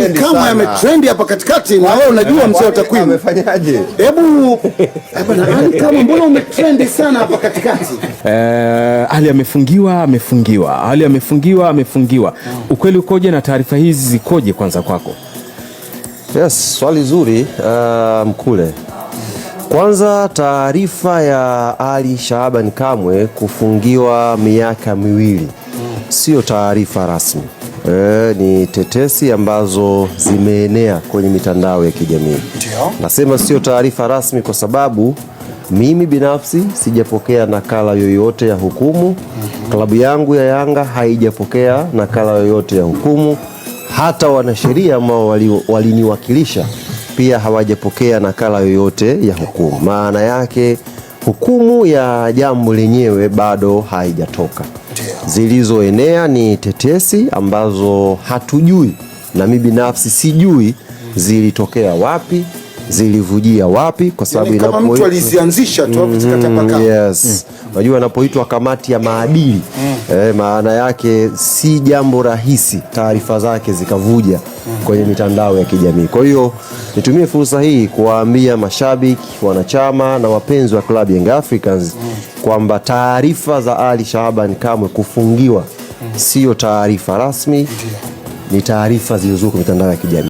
yani yaani kama yametrendi hapa katikati, na wewe unajua mzee wa yaani takwimu amefanyaje? Hebu yaani kama mbona umetrendi sana hapa katikati? Eh, Ali amefungiwa, amefungiwa, Ali amefungiwa, amefungiwa. Ah. Ukweli ukoje na taarifa hizi zikoje kwanza kwako? Yes, swali zuri. Uh, Mkule, kwanza taarifa ya Ali Shaaban Kamwe kufungiwa miaka miwili mm. sio taarifa rasmi e, ni tetesi ambazo zimeenea kwenye mitandao ya kijamii. Nasema sio taarifa rasmi kwa sababu mimi binafsi sijapokea nakala yoyote ya hukumu. mm -hmm. Klabu yangu ya Yanga haijapokea nakala yoyote ya hukumu. Hata wanasheria ambao waliniwakilisha wali pia hawajapokea nakala yoyote ya hukumu. Maana yake hukumu ya jambo lenyewe bado haijatoka zilizoenea ni tetesi ambazo hatujui, na mimi binafsi sijui zilitokea wapi, zilivujia wapi, kwa sababu mtu alizianzisha tu mm, yes. mm. inapoitwa kamati ya maadili mm. eh, maana yake si jambo rahisi taarifa zake zikavuja kwenye mitandao ya kijamii. Kwa hiyo nitumie fursa hii kuwaambia mashabiki, wanachama na wapenzi wa klabu Young Africans kwamba taarifa za Ali Shahaban Kamwe kufungiwa sio taarifa rasmi, ni taarifa zilizozuka mitandao ya kijamii.